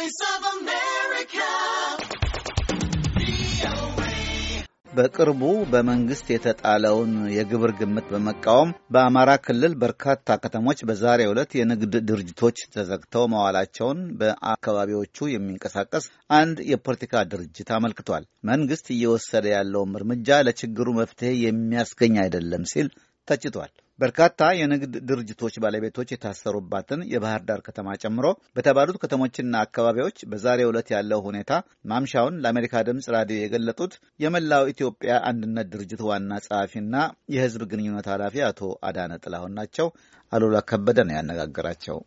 Voice of America. በቅርቡ በመንግስት የተጣለውን የግብር ግምት በመቃወም በአማራ ክልል በርካታ ከተሞች በዛሬው ዕለት የንግድ ድርጅቶች ተዘግተው መዋላቸውን በአካባቢዎቹ የሚንቀሳቀስ አንድ የፖለቲካ ድርጅት አመልክቷል። መንግስት እየወሰደ ያለውም እርምጃ ለችግሩ መፍትሄ የሚያስገኝ አይደለም ሲል ተችቷል። በርካታ የንግድ ድርጅቶች ባለቤቶች የታሰሩባትን የባህር ዳር ከተማ ጨምሮ በተባሉት ከተሞችና አካባቢዎች በዛሬው ዕለት ያለው ሁኔታ ማምሻውን ለአሜሪካ ድምፅ ራዲዮ የገለጡት የመላው ኢትዮጵያ አንድነት ድርጅት ዋና ጸሐፊና የሕዝብ ግንኙነት ኃላፊ አቶ አዳነ ጥላሁን ናቸው። አሉላ ከበደ ነው ያነጋገራቸው።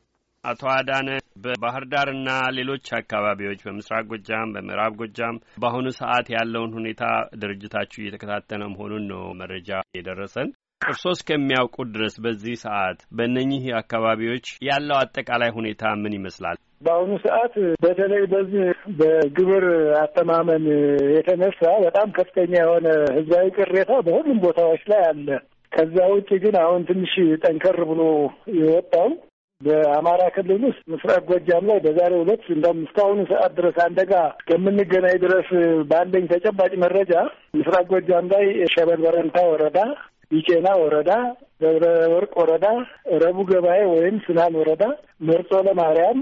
አቶ አዳነ በባህር ዳርና ሌሎች አካባቢዎች በምስራቅ ጎጃም፣ በምዕራብ ጎጃም በአሁኑ ሰዓት ያለውን ሁኔታ ድርጅታችሁ እየተከታተለ መሆኑን ነው መረጃ የደረሰን። እርስዎ እስከሚያውቁት ድረስ በዚህ ሰዓት በእነኚህ አካባቢዎች ያለው አጠቃላይ ሁኔታ ምን ይመስላል? በአሁኑ ሰዓት በተለይ በዚህ በግብር አተማመን የተነሳ በጣም ከፍተኛ የሆነ ህዝባዊ ቅሬታ በሁሉም ቦታዎች ላይ አለ። ከዛ ውጭ ግን አሁን ትንሽ ጠንከር ብሎ የወጣው በአማራ ክልል ውስጥ ምስራቅ ጎጃም ላይ በዛሬ ሁለት እንደውም እስካሁኑ ሰዓት ድረስ አንደጋ ከምንገናኝ ድረስ በአንደኝ ተጨባጭ መረጃ ምስራቅ ጎጃም ላይ ሸበል በረንታ ወረዳ ቢቼና ወረዳ፣ ደብረ ወርቅ ወረዳ፣ ረቡ ገባኤ ወይም ስናን ወረዳ፣ መርጦ ለማርያም፣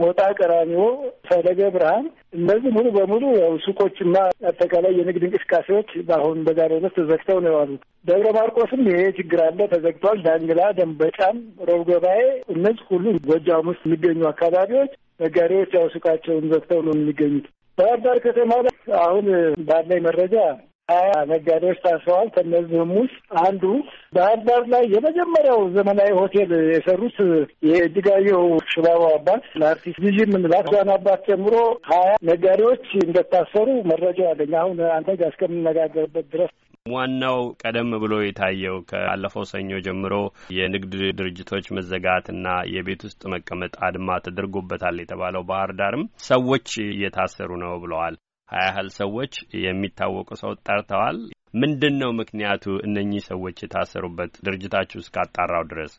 ሞጣ ቀራኒዮ፣ ፈለገ ብርሃን እነዚህ ሙሉ በሙሉ ያው ሱቆችና አጠቃላይ የንግድ እንቅስቃሴዎች በአሁን በዛሬው ዕለት ተዘግተው ነው የዋሉት። ደብረ ማርቆስም ይሄ ችግር አለ፣ ተዘግቷል። ዳንግላ፣ ደንበጫም፣ ረቡ ገባኤ እነዚህ ሁሉ ጎጃም ውስጥ የሚገኙ አካባቢዎች ነጋዴዎች ያው ሱቃቸውን ዘግተው ነው የሚገኙት። ባህር ዳር ከተማ አሁን ባለኝ መረጃ ሀያ ነጋዴዎች ታስረዋል። ከእነዚህም ውስጥ አንዱ ባህር ዳር ላይ የመጀመሪያው ዘመናዊ ሆቴል የሰሩት የእጅጋየሁ ሽባባው አባት ለአርቲስት ልጅ የምንላት ዛን አባት ጀምሮ ሀያ ነጋዴዎች እንደታሰሩ መረጃው አለኝ። አሁን አንተ ጋር እስከምነጋገርበት ድረስ ዋናው ቀደም ብሎ የታየው ከአለፈው ሰኞ ጀምሮ የንግድ ድርጅቶች መዘጋትና የቤት ውስጥ መቀመጥ አድማ ተደርጎበታል የተባለው ባህር ዳርም ሰዎች እየታሰሩ ነው ብለዋል። ያህል ሰዎች የሚታወቁ ሰው ጠርተዋል። ምንድን ነው ምክንያቱ እነኚህ ሰዎች የታሰሩበት? ድርጅታችሁ እስካጣራው ድረስ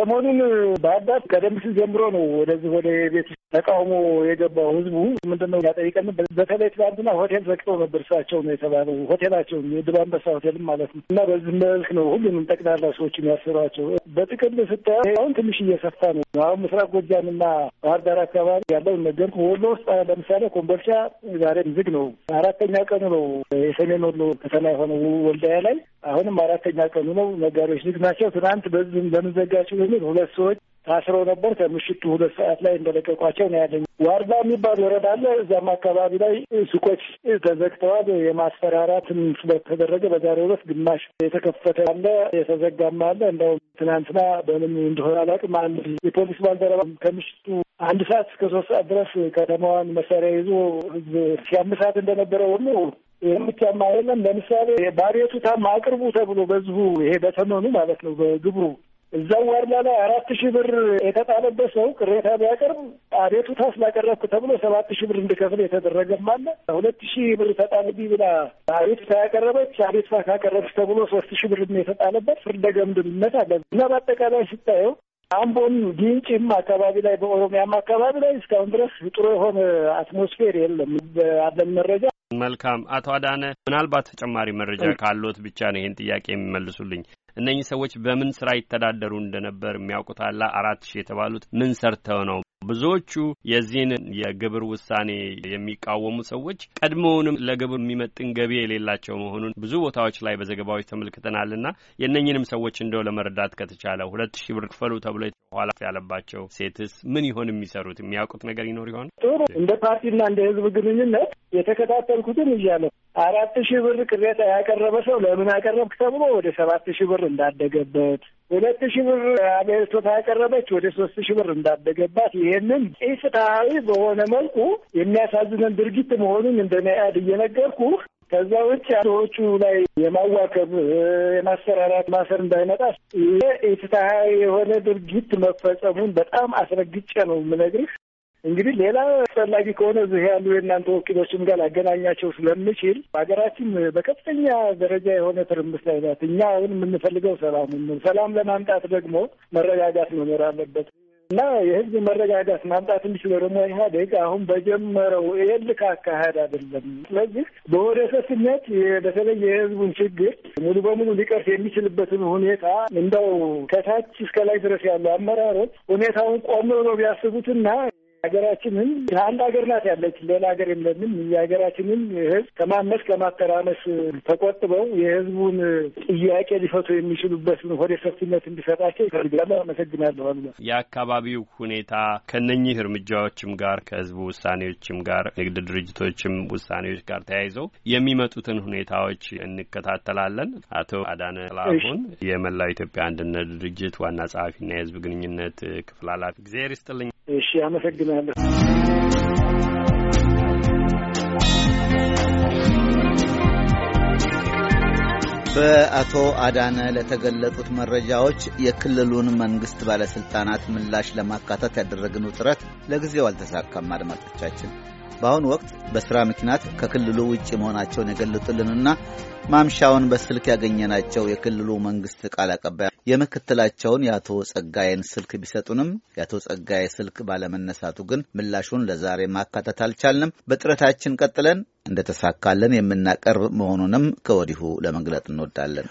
ሰሞኑን በአዳት ቀደም ሲል ጀምሮ ነው ወደዚህ ወደ ቤት ተቃውሞ የገባው ህዝቡ ምንድነው ያጠይቀን። በተለይ ትላንትና ሆቴል ዘግተው ነበር እሳቸው ነው የተባለው ሆቴላቸው የድል አንበሳ ሆቴልም ማለት ነው። እና በዚህ መልክ ነው ሁሉንም ጠቅላላ ሰዎች የሚያስሯቸው። በጥቅል ስታይ አሁን ትንሽ እየሰፋ ነው። አሁን ምስራቅ ጎጃምና ባህር ዳር አካባቢ ያለውን ነገር ወሎ ውስጥ ለምሳሌ ኮምቦልቻ ዛሬም ዝግ ነው። አራተኛ ቀኑ ነው የሰሜን ወሎ ከተማ የሆነው ወልዳያ ላይ አሁንም አራተኛ ቀኑ ነው። ነጋዴዎች ዝግ ናቸው። ትናንት በዚህ ለምን የሚል ሁለት ሰዎች ታስረው ነበር። ከምሽቱ ሁለት ሰዓት ላይ እንደለቀቋቸው ነው ያለኝ። ዋርዛ የሚባል ወረዳ አለ። እዛም አካባቢ ላይ ሱቆች ተዘግተዋል። የማስፈራራት ስለተደረገ በዛሬው ዕለት ግማሽ የተከፈተ አለ፣ የተዘጋም አለ። እንደውም ትናንትና በምን እንደሆነ አላውቅም። አንድ የፖሊስ ባልደረባ ከምሽቱ አንድ ሰዓት እስከ ሶስት ሰዓት ድረስ ከተማዋን መሳሪያ ይዞ ህዝብ ሲያምሳት እንደነበረ ሁሉ ይህም የለም። አይደለም። ለምሳሌ ባሬቱታም አቅርቡ ተብሎ በዚሁ ይሄ በተመኑ ማለት ነው በግብሩ እዛው ዋርላ ላይ አራት ሺህ ብር የተጣለበት ሰው ቅሬታ ቢያቀርብ አቤቱታ ስላቀረብክ ተብሎ ሰባት ሺህ ብር እንድከፍል የተደረገም አለ። ሁለት ሺህ ብር ተጣልቢ ብላ አቤቱታ ያቀረበች አቤቱታ ካቀረብሽ ተብሎ ሶስት ሺህ ብር የተጣለበት ፍርደ ገምድልነት አለ እና በአጠቃላይ ስታየው አምቦም ጊንጪም አካባቢ ላይ በኦሮሚያም አካባቢ ላይ እስካሁን ድረስ ጥሩ የሆነ አትሞስፌር የለም ባለን መረጃ መልካም አቶ አዳነ ምናልባት ተጨማሪ መረጃ ካሎት ብቻ ነው ይህን ጥያቄ የሚመልሱልኝ። እነኚህ ሰዎች በምን ስራ ይተዳደሩ እንደነበር የሚያውቁት አለ? አራት ሺህ የተባሉት ምን ሰርተው ነው ብዙዎቹ የዚህን የግብር ውሳኔ የሚቃወሙ ሰዎች ቀድሞውንም ለግብር የሚመጥን ገቢ የሌላቸው መሆኑን ብዙ ቦታዎች ላይ በዘገባዎች ተመልክተናልና የእነኝንም ሰዎች እንደው ለመረዳት ከተቻለ ሁለት ሺህ ብር ክፈሉ ተብሎ ኋላ ያለባቸው ሴትስ ምን ይሆን የሚሰሩት? የሚያውቁት ነገር ይኖር ይሆን? ጥሩ እንደ ፓርቲና እንደ ህዝብ ግንኙነት የተከታተልኩትን እያለ አራት ሺህ ብር ቅሬታ ያቀረበ ሰው ለምን አቀረብክ ተብሎ ወደ ሰባት ሺህ ብር እንዳደገበት ሁለት ሺህ ብር አቤቱታ ያቀረበች ወደ ሶስት ሺህ ብር እንዳደገባት ይህንን ኢፍትሐዊ በሆነ መልኩ የሚያሳዝነን ድርጊት መሆኑን እንደ መያድ እየነገርኩ ከዛ ውጭ ሰዎቹ ላይ የማዋከብ የማሰራራት ማሰር እንዳይመጣ ይህ ኢፍትሐዊ የሆነ ድርጊት መፈጸሙን በጣም አስረግጬ ነው የምነግርህ። እንግዲህ ሌላ አስፈላጊ ከሆነ እዚህ ያሉ የእናንተ ወኪሎችም ጋር ላገናኛቸው ስለምችል ሀገራችን በከፍተኛ ደረጃ የሆነ ትርምስ ላይ ናት። እኛ አሁን የምንፈልገው ሰላም ነው። ሰላም ለማምጣት ደግሞ መረጋጋት መኖር አለበት እና የህዝብ መረጋጋት ማምጣት የሚችለው ደግሞ ኢህአዴግ አሁን በጀመረው የልክ አካሄድ አይደለም። ስለዚህ በወደ ሰስነት በተለይ የህዝቡን ችግር ሙሉ በሙሉ ሊቀርፍ የሚችልበትን ሁኔታ እንደው ከታች እስከ ላይ ድረስ ያሉ አመራሮች ሁኔታውን ቆም ብሎ ቢያስቡትና ሀገራችን አንድ ሀገር ናት ያለች ሌላ ሀገር የለንም። የሀገራችንን ህዝብ ከማመስ ከማተራመስ ተቆጥበው የህዝቡን ጥያቄ ሊፈቱ የሚችሉበትን ወደ ሰፊነት እንዲሰጣቸው ይፈልጋሉ። አመሰግናለሁ። አሉ የአካባቢው ሁኔታ ከነኚህ እርምጃዎችም ጋር ከህዝቡ ውሳኔዎችም ጋር ንግድ ድርጅቶችም ውሳኔዎች ጋር ተያይዘው የሚመጡትን ሁኔታዎች እንከታተላለን። አቶ አዳነ ጥላሁን የመላው ኢትዮጵያ አንድነት ድርጅት ዋና ጸሐፊና የህዝብ ግንኙነት ክፍል ኃላፊ፣ እግዚአብሔር ይስጥልኝ። እሺ፣ አመሰግናለሁ። በአቶ አዳነ ለተገለጡት መረጃዎች የክልሉን መንግስት ባለሥልጣናት ምላሽ ለማካተት ያደረግነው ጥረት ለጊዜው አልተሳካም። አድማጮቻችን በአሁኑ ወቅት በሥራ ምክንያት ከክልሉ ውጭ መሆናቸውን የገለጡልንና ማምሻውን በስልክ ያገኘናቸው የክልሉ መንግሥት ቃል አቀባይ የምክትላቸውን የአቶ ጸጋዬን ስልክ ቢሰጡንም የአቶ ጸጋዬ ስልክ ባለመነሳቱ ግን ምላሹን ለዛሬ ማካተት አልቻልንም። በጥረታችን ቀጥለን እንደተሳካለን የምናቀርብ መሆኑንም ከወዲሁ ለመግለጥ እንወዳለን።